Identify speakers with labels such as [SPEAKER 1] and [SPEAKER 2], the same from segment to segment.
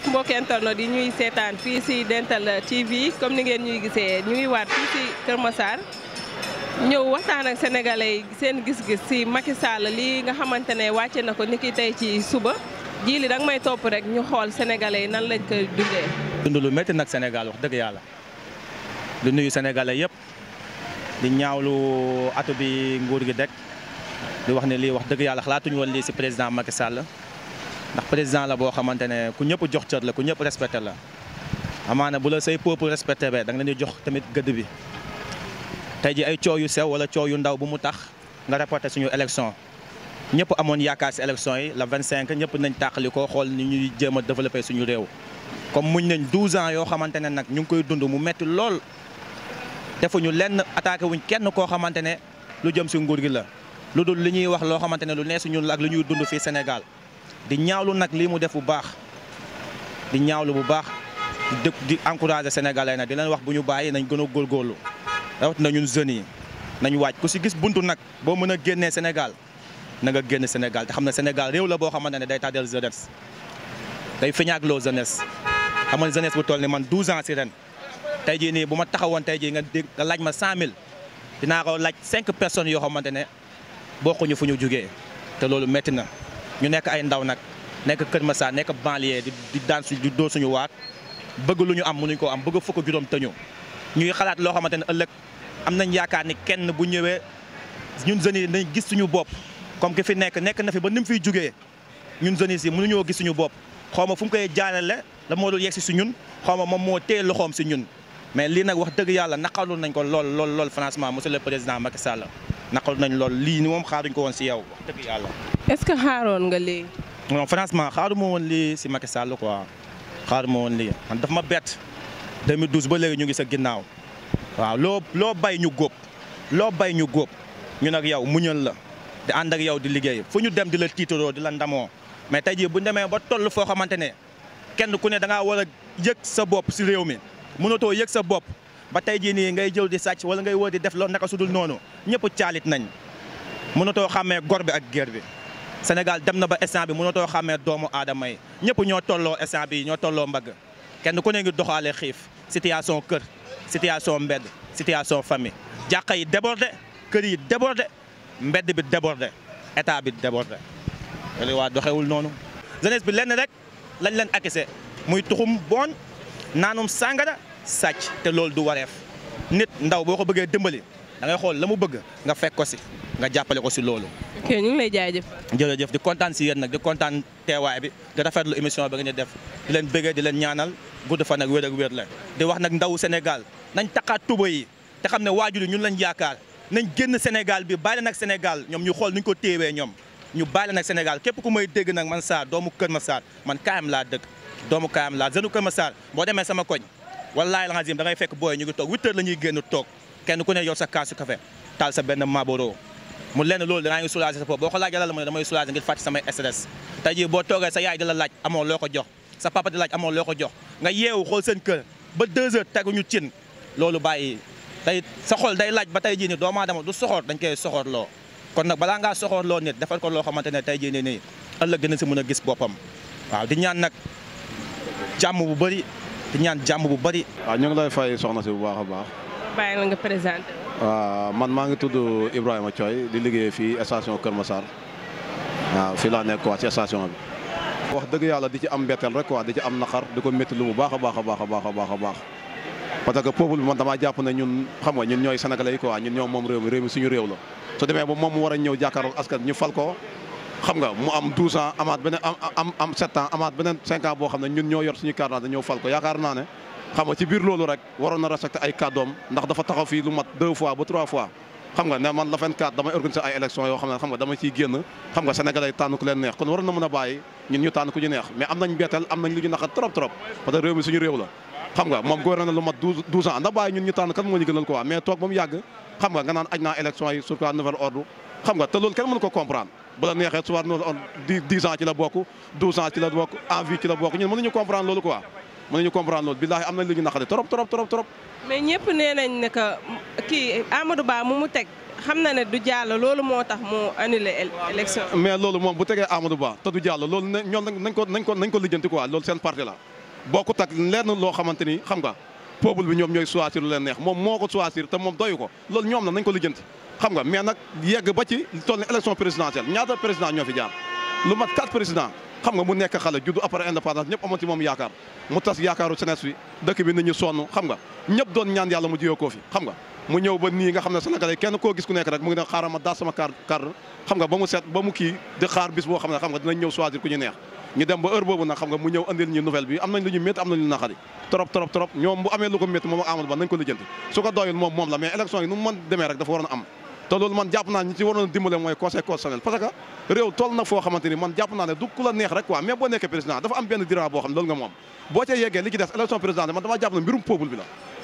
[SPEAKER 1] bépp mbokki internet yi ñuy seetaan fii si Dental TV comme ni ngeen ñuy gisee ñu ngi waat fii si Kër Massar ñëw waxtaan ak sénégalais seen gis-gis si Macky Sall lii nga xamante ne wàcce na ko ci suba jii li danga may topp rek ñu xool sénégalais nan lañ ko dundee.
[SPEAKER 2] dund lu métti nag Sénégal wax dëgg yàlla di nuyu sénégalais yëpp di ñaawlu atu bi nguur gi dekk di wax ne lii wax dëgg yàlla xalaatuñu woon lii si président Macky Sall. ndax président la boo xamante ne ku ñëpp jox cër la ku ñëpp respecté la amaana bu la say peuple respecté bee da nga leen di jox tamit gëdd bi tey ji ay coow yu sew wala coow yu ndaw bu mu tax nga reporté suñu élection ñëpp amoon yaakaar si élection yi la 25 ñëpp nañ tàqali ko xool ni ñuy jéem a développé suñu réew comme muñ nañ 12 ans yoo xamante ne nag ñu ngi koy dund mu metti lool defuñu lenn attaqué wuñ kenn koo xamante ne lu jëm si nguur gi la lu dul li ñuy wax loo xamante ne lu nee si ñun la lu ñuy dund fii Sénégal di ñaawlu nag lii mu def bu baax di ñaawlu bu baax di di encourager sénégalais nag di leen wax bu ñu bàyyi nañ gën a góorgóorlu rawatina ñun jeunes yi nañu wàcc ku si gis buntu nag boo mën a génnee Sénégal na nga génn Sénégal te xam ne Sénégal réew la boo xamante ne day tardel jeunesse day feñaak loo jeunesse xam nga jeunesse bu toll ni man 12 ans si ren tey jii nii bu ma taxawoon tey jii nga dégg laaj ma 100000 dinaa ko laaj cinq personnes yoo xamante ne bokkuñu fu ñu jugee te loolu métti na. ñu nekk ay ndaw nag nekk Kër saa nekk banlieue di di daan su di doo suñu waat bëgg lu ñu am mënuñ koo am bëgg fukk juróom tëñu ñuy xalaat loo xamante ne ëllëg am nañ yaakaar ni kenn bu ñëwee ñun jeunes yi gis suñu bopp comme que fi nekk nekk na fi ba ni mu fiy jugee ñun jeunes yi mënuñoo gis suñu bopp xaw ma fu mu koy jaarale la moo dul yegsi si ñun xaw ma moom moo téye loxoom si ñun mais lii nag wax dëgg yàlla naqarlu nañ ko lool lool lool franchement monsieur le président Macky Sall naqal nañ loolu lii ni moom xaaruñ ko woon si yow wax dëgg yàlla.
[SPEAKER 1] est-ce que xaaroon nga lii. non
[SPEAKER 2] franchement xaaruma woon lii si Macky Sall quoi xaaruma woon lii man daf ma bett 2012 ba léegi ñu ngi sa ginnaaw waaw loo loo bay ñu góob loo bay ñu góob ñu nag yow muñal la di ànd ak yow di liggéey foo ñu dem di la tiitaroo di la ndamoo mais tey jii bu ñu demee ba toll foo xamante ne kenn ku ne da war a yëg sa bopp si réew mi mënatoo yëg sa bopp. ba tey jii nii ngay jëw di sàcc wala ngay wër di def loolu naka sudul noonu ñëpp caalit nañ mënatoo xàmmee gor bi ak géer bi Sénégal dem na ba instant bi mënatoo xàmmee doomu aadama yi ñëpp ñoo tollo instant bi ñoo tolloo mbagg kenn ku ne ngi doxaale xiif situation kër situation mbedd situation famille jàkka yi débordé kër yi débordé mbedd bi débordé état bi débordé loolu waa doxewul noonu jeunesse bi lenn rek lañ leen akise muy tuxum boon naanum sàngara sàcc te loolu du wareef nit ndaw boo ko bëggee dimbali da ngay xool la mu bëgg nga fekk ko si nga jàppale ko si loolu.
[SPEAKER 1] ok ñu lay jaajëf.
[SPEAKER 2] jërëjëf di kontaan si yéen nag di kontaan teewaay bi di lu émission ba nga di def di leen bëggee di leen ñaanal gudd fan ak wér ak wér la di wax nag ndawu Sénégal nañ taqaat tuba yi te xam ne waajur yi ñun lañ yaakaar nañ génn Sénégal bi bàyyi nag Sénégal ñoom ñu xool nuñ ko téewee ñoom ñu bàyyi nag Sénégal képp ku may dégg nag man Sarr doomu Kër Massar man kaayam laa dëkk doomu kaayam laa zenu Kër Massar boo demee sama koñ wallaay la xasim da ngay fekk booy ñu ngi toog huit heures la ñuy génn toog kenn ku ne yor sa kaasu café taal sa benn maboro mu lenn loolu danaa ngi soulager sa bopp boo ko a la mu ne damay soulager ngir fàcc samay stress tey jii boo toogee sa yaay di la laaj amoo loo ko jox sa papa di laaj amoo loo ko jox nga yeewu xool seen kër ba deux heures teguñu cin loolu bàyyi tey sa xol day laaj ba tey jii ni doomu adama du soxor dañ koy soxor loo kon nag balaa ngaa soxor loo defal ko loo xamante ne tey jii nii nii ëllëg dina mën a gis boppam waaw
[SPEAKER 3] di ñaan nag jàmm bu bëri di ñaan jàmm bu bari waaw ah, ñu ngi lay fay soxna si bu baax a baax.
[SPEAKER 1] bàyyi nga présenté.
[SPEAKER 3] waaw ah, man maa ngi tudd Ibrahima Thioy di liggéey fii station Kër Massar waaw ah, fii laa nekk quoi ci station bi. wax dëgg yàlla di ci am mbetteel rek quoi di ci am naqar di ko métti lu bu baax a baax a baax baax a baax parce que peuple bi man damaa jàpp na ñun xam nga ñun ñooy sénégalais yi quoi ñun ñoom moom réew mi réew mi suñu réew la su demee ba moom mu war a ñëw jàkkaarloo askan ñu fal ko xam nga mu am 12 ans am am 7 amaat beneen 5 ans boo xam ne ñun ñoo yor suñu carte ñoo fal ko yaakaar naa ne xam nga ci biir loolu rek waroon na respecté ay kàddoom ndax dafa taxaw fii lu mat deux fois ba trois fois. xam nga ne man la 24 damay organiser ay élections yoo xam ne xam nga dama ciy génn xam nga sénégalais tànn ku leen neex kon waroon na mën a bàyyi ñun ñu tànn ku ñu neex mais am nañ mbetteel am nañ lu trop trop parce que na lu bu la neexee soir noonu on dix ans ci la bokk douze ans ci la bokk envie ci la bokk ñun mënuñu comprendre loolu quoi mënuñu comprendre loolu billaahi am nañ ñu naqari trop trop trop trop.
[SPEAKER 1] mais ñëpp nee nañ kii Amadou mu mu teg xam na ne du jàll loolu moo tax mu annulé élection.
[SPEAKER 3] mais loolu moom bu tegee Amadou Ba te du jàll loolu ne nañ ko nañ ko nañ ko lijjanti quoi loolu seen parti la bokkut ak leer loo xamante ni xam nga peuple bi ñoom ñooy choisir lu leen neex moom moo ko choisir te moom doyu ñoom la nañ ko lijjanti. xam nga mais nag yegg ba ci toll ni élection présidentielle ñaata président ñoo fi jaar lu mat quatre président xam nga mu nekk xale juddu après indépendance ñëpp koo fi xam nga mu ñëw ba nii ñu neex ñu dem ba heure boobu nag xam nga mu ñëw andil ñu nouvelle bi am nañ lu ñu métti am nañ lu trop trop ñoom bu amee lu ko métti moom ak Ba nañ ko lijjanti su ko doyul moom moom la mais élection yi nu mu demee rek dafa waroon am te man jàpp ci waroon a dimbale mooy conseil constitutionnel parce que réew toll na foo xamante ni man jàpp naa ne du ku la neex rek quoi mais boo nekkee président dafa am benn diran boo xam ne nga moom boo cee yeggee li ci des élection man damaa jàpp mbirum peuple bi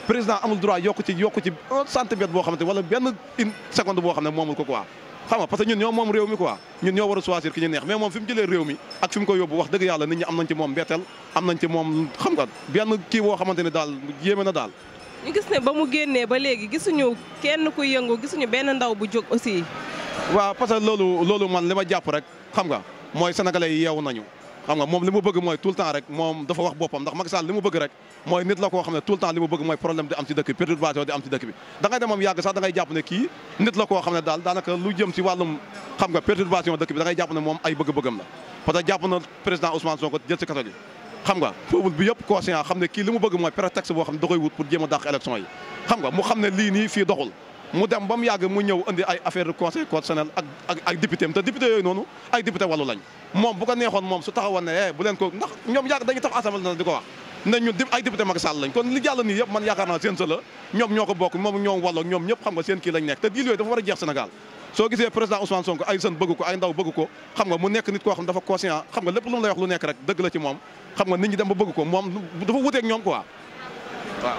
[SPEAKER 3] président amul droit yokku ci yokku ci boo xamante wala benn une seconde boo xam ne moomul ko quoi xam parce que ñun ñoo moom réew mi quoi ñun ñoo war a choisir ki ne daal yéeme na
[SPEAKER 1] ñu gis ne ba mu génnee ba léegi gisuñu kenn ku yëngu gisuñu benn ndaw bu jóg aussi.
[SPEAKER 3] waaw parce que loolu loolu man li ma jàpp rek xam nga mooy sénégalais yi yeewu nañu. xam nga moom li mu bëgg mooy tout le temps rek moom dafa wax boppam ndax Macky li mu bëgg rek mooy nit la koo xam ne tout le li mu bëgg mooy problème di am ci dëkk bi perturbation di am ci dëkk bi da ngay moom yàgg sax da ngay jàpp ne kii nit la koo xam ne daal daanaka lu jëm ci wàllum xam ne moom ay bëgg-bëggam la parce que jàpp na xam nga peuple bi yëpp conscient xam ne kii li mu bëgg mooy prétexte boo xam ne da koy wut pour a dàq élection yi xam nga mu xam ne lii nii fii doxul mu dem ba mu yàgg mu ñëw indi ay affaire de conseil constitutionnel ak ak ak député député yooyu noonu ay député wàllu lañ moom bu ko neexoon moom su taxawoon ne eh bu leen ko ndax ñoom yàgg dañuy tax assemblée na di ko wax ne ñun ay député Macky Sall lañ kon li jàll nii man yaakaar naa seen sa ñoom ñoo ko bokk moom kii lañ nekk te dii a jeex soo gisee président Ousmane Sonko ay jeune bëgg ko ay ndaw bëgg ko xam nga mu nekk nit koo xam dafa conscient xam nga lépp lu mu lay wax lu nekk rek dëgg la ci moom xam nga nit dem ba bëgg ko moom dafa wuteek ñoom quoi waaw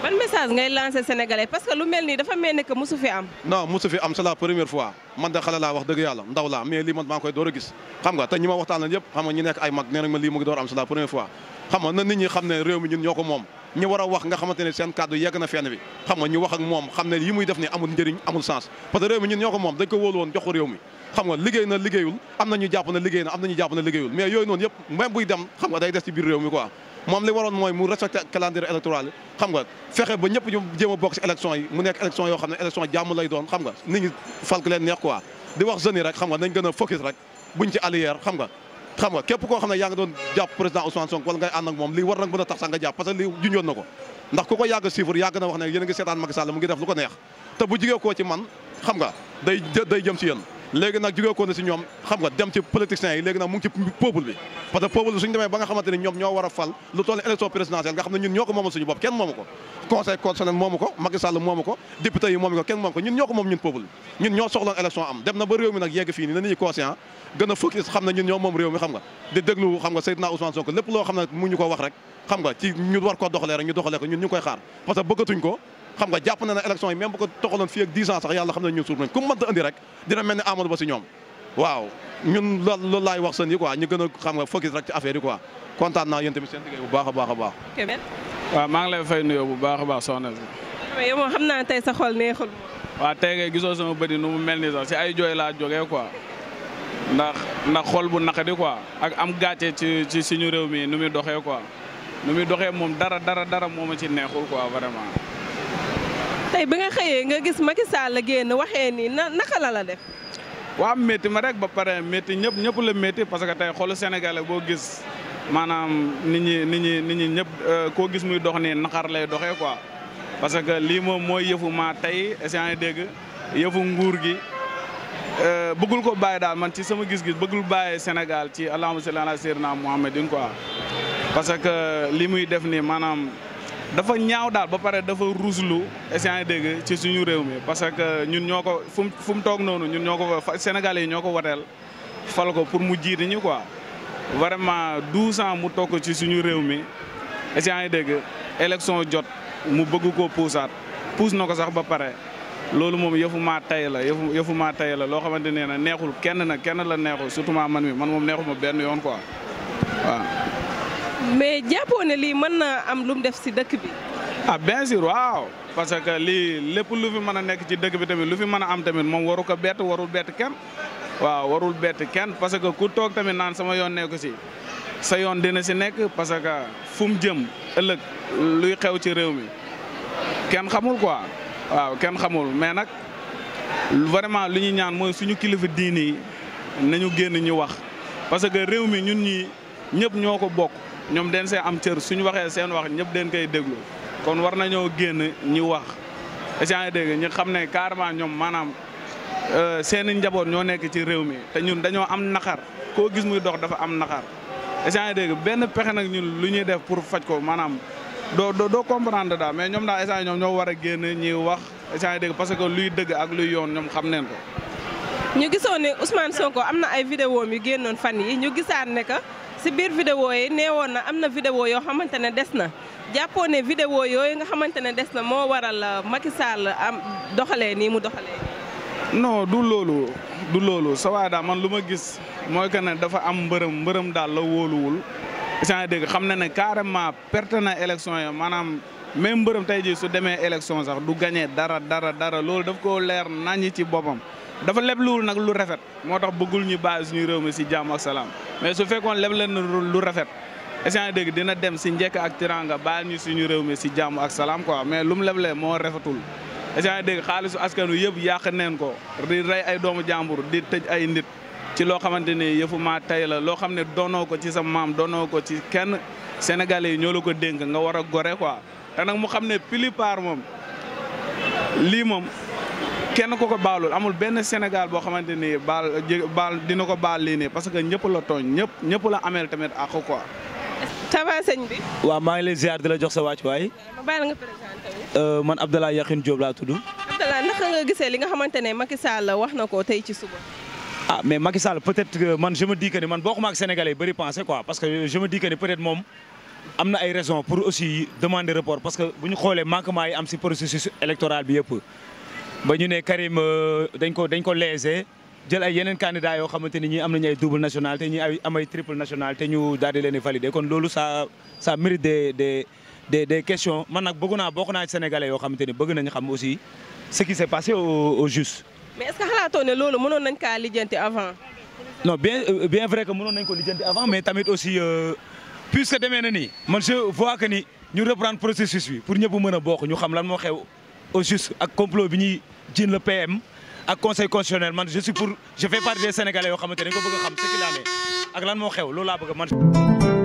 [SPEAKER 1] ban message ngay lancé sénégalais parce que lu mel nii dafa mel ni que fi am
[SPEAKER 3] non mosu fi am c'est la première fois man de xale laa wax dëgg yàlla ndaw laa mais lii man maa koy door a gis xam nga te ñi ma waxtaan am la première fois xam ne réew mi ñun ko moom ñu war a wax nga xamante ne seen kàddu yegg na fenn bi xam nga ñu wax moom xam ne yi muy def ni amul njëriñ amul sens parce que réew mi xam nga liggéey na liggéeyul am na ñu jàpp na liggéey na am na ñu jàpp na liggéeyul mais yooyu noonu yëpp même buy dem xam nga day des ci biir réew mi quoi moom li waroon mooy mu respecté calendrier électoral yi xam nga fexe ba ñëpp ñu jéem a élection yi mu nekk élection yoo xam ne élection jàmm lay doon xam nga nit ñi falk leen neex quoi di xam nga nañ gën a focus rek buñ ci xam nga képp koo xam ne yaa ngi doon jàpp président Ousmane Sonko wala ngay ànd ak moom lii war nag mën a tax parce que lii junjoon na ko ndax ku ko yàgg suivre yàgg na wax ne yéen ngi seetaan Macky Sall mu ngi def lu ko neex te bu jigee koo ci man xam nga day day si yéen léegi nag jugee ko na si ñoom xam nga dem ci politiciens yi léegi nag mu ci peuple bi parce que peuple bi demee ba nga xamante ñoom ñoo war fal lu toll élection présidentielle nga gën a xam na ñun ñoom moom réew mi xam nga di xam nga Seydina Ousmane Sonko lépp loo xam ne mu ñu ko wax rek xam nga ci ñu war koo doxalee ñu doxalee ko ñun ñu koy xaar parce que bëggatuñ ko xam nga jàpp na élection yi même bu toxaloon fii ak 10 sax yàlla xam ne ñun suuf nañ ku mënta andi rek dina mel ni Amadou Ba si ñoom waaw ñun loolu wax seen yi quoi ñu gën a xam nga focus rek ci affaire yi quoi kontaan
[SPEAKER 4] naa yéen tamit a a a ndax ndax xol bu naqadi quoi ak am gàcce ci ci suñu réew mi nu muy doxee quoi nu muy doxee moom dara dara dara moo ma ci neexul quoi vraiment.
[SPEAKER 1] tey ba nga xëyee nga gis Macky Sall la génn waxee nii na naka la la def.
[SPEAKER 4] waaw métti ma rek ba pare métti ñëpp ñëpp la métti parce que tey xolu sénégalais boo gis maanaam nit ñi nit ñi nit ñi ñëpp euh, koo gis muy dox nii naqar lay doxee quoi parce que lii moom mooy yëfu maa tey essiant dégg yëfu nguur gi. Euh, bëggul ko bàyyi daal man ci sama gis-gis bëggul bàyyi Sénégal ci allahumma salli ala sayyidina Muhammadin quoi parce que li muy def nii maanaam dafa ñaaw daal ba pare dafa ruslu essayé dégg ci suñu réew mi parce que ñun ñoo ko fu fu mu toog noonu ñun ñoo ko fa Sénégalais yi ñoo ko wateel fal ko pour mu jiite ñu koi vraiment 12 ans mu toog ko ci suñu réew mi yi dégg élection jot mu bëgg ko puusaat puus na ko sax ba pare. loolu moom yëfu maa tay la yëfu yëfu maa tay la loo xamante ne na neexul kenn na kenn la neexul surtout man mi man moom neexul ma benn yoon quoi waaw.
[SPEAKER 1] mais jàppoo ne lii mën na am lum def si dëkk bi.
[SPEAKER 4] ah bien waaw parce que lii lépp lu fi mën a nekk ci dëkk bi tamit lu fi mën a am tamit moom waru ko bett warul bett kenn. waaw warul bett kenn parce que ku toog tamit naan sama yoon nekku si sa yoon dina si nekk parce que fu jëm ëllëg luy xew ci réew mi kenn xamul quoi. waaw kenn xamul mais nag vraiment li ñuy ñaan mooy suñu kilifa diini yi nañu génn ñu wax parce que réew mi ñun ñi ñëpp ñoo ko bokk ñoom den see am cër suñu waxee seen wax ñëpp den koy déglu kon war na nañoo génn ñi wax échange dégg ñu xam ne carrément ñoom maanaam euh, seen i njaboot ñoo nekk ci réew mi te ñun dañoo am naxar koo gis muy dox dafa am naxar échange benn pexe nag ñun lu ñuy def pour faj ko maanaam Do, do, do comprendre daal mais ñoom daal instant ñoom ñoo war a génn ñuy wax instant dégg parce que luy dëgg ak luy yoon ñoom xam neen ko.
[SPEAKER 1] ñu gisoon ne Ousmane Sonko am na ay vidéo yu génnoon fan yi ñu gisaat ne que si biir vidéo yi na am vidéo yoo xamante ne des na jàppoo ne vidéo yooyu nga xamante ne na moo waral euh, Macky Sall am doxalee mu
[SPEAKER 4] non du du man lu gis mooy que dafa am la sanga dégg xam na ne carrément perte na élection yi maanaam même mbërëm tey ji su demee élection sax du gañee dara dara dara loolu daf ko leer naññi ci boppam dafa lebluwul nag lu rafet moo tax bëggul ñu bàyyi suñu réew mi si jàmm ak salaam mais su fekkoon leble na lu rafet essange dégg dina dem si njekk ak tiranga bàyyi ñu suñu réew mi si jàmm ak salaam quoi mais lu mu leblee moo rafetul essange dégg xaalisu askanu yëpp yàq neen ko di rey ay doomu jàmbur di tëj ay nit ci loo xamante ne yëfu maa tay la loo xam ne doonoo ko ci sa maam doonoo ko ci kenn sénégalais yi ñoo la ko dénk nga war a gore quoi te nag mu xam ne plupart moom lii moom kenn ko ko baalul amul benn Sénégal boo xamante ni baal baal dina ko baal lii nii parce que ñëpp la tooñ ñëpp ñëpp la ameel tamit àq quoi.
[SPEAKER 1] ça bi.
[SPEAKER 4] waaw maa ngi lay ziar di la jox sa wàccuwaay. ma euh, man
[SPEAKER 5] Abdallah Yakhine Diop laa tudd.
[SPEAKER 1] Abdallah li nga xamante ne Macky Sall wax na ko tey ci suba.
[SPEAKER 5] ah mais Macky Sall peut-être que man je me dis que ni man de ak sénégalais yi bëri penser quoi parce que je me dis que peut-être moom am a ay raisons pour aussi demander report parce que bu ñu xoolee manquement yi am si processus électoral bi yëpp. est ñu Karim euh, dañ ko dañ ko laisser. jël ay yeneen candidats qui ont ni double nationalité qui ay am triple nationalité ñu daal di leen valider kon ça ça mérite des des des des questions man nag bëgg naa bokk sénégalais yoo xamante bëgg nañu xam aussi ce qui s'est passé au au juste
[SPEAKER 1] mais est-ce que xalaatoo ne loolu mënoon nañ kaa lijjanti avant.
[SPEAKER 5] non bien euh, bien vrai que mënoon nañ ko lijjanti avant mais tamit aussi euh, puisque demee na nii man je vois que ni ñu reprendre processus bi pour ñëpp mën a bokk ñu xam lan moo xew au juste ak complot bi le PM ak conseil constitutionnel man je suis pour je fais partie des sénégalais yo xamante dañ ko bëgg xam ce qu'il en est ak lan mo xew lolou la bëgg man.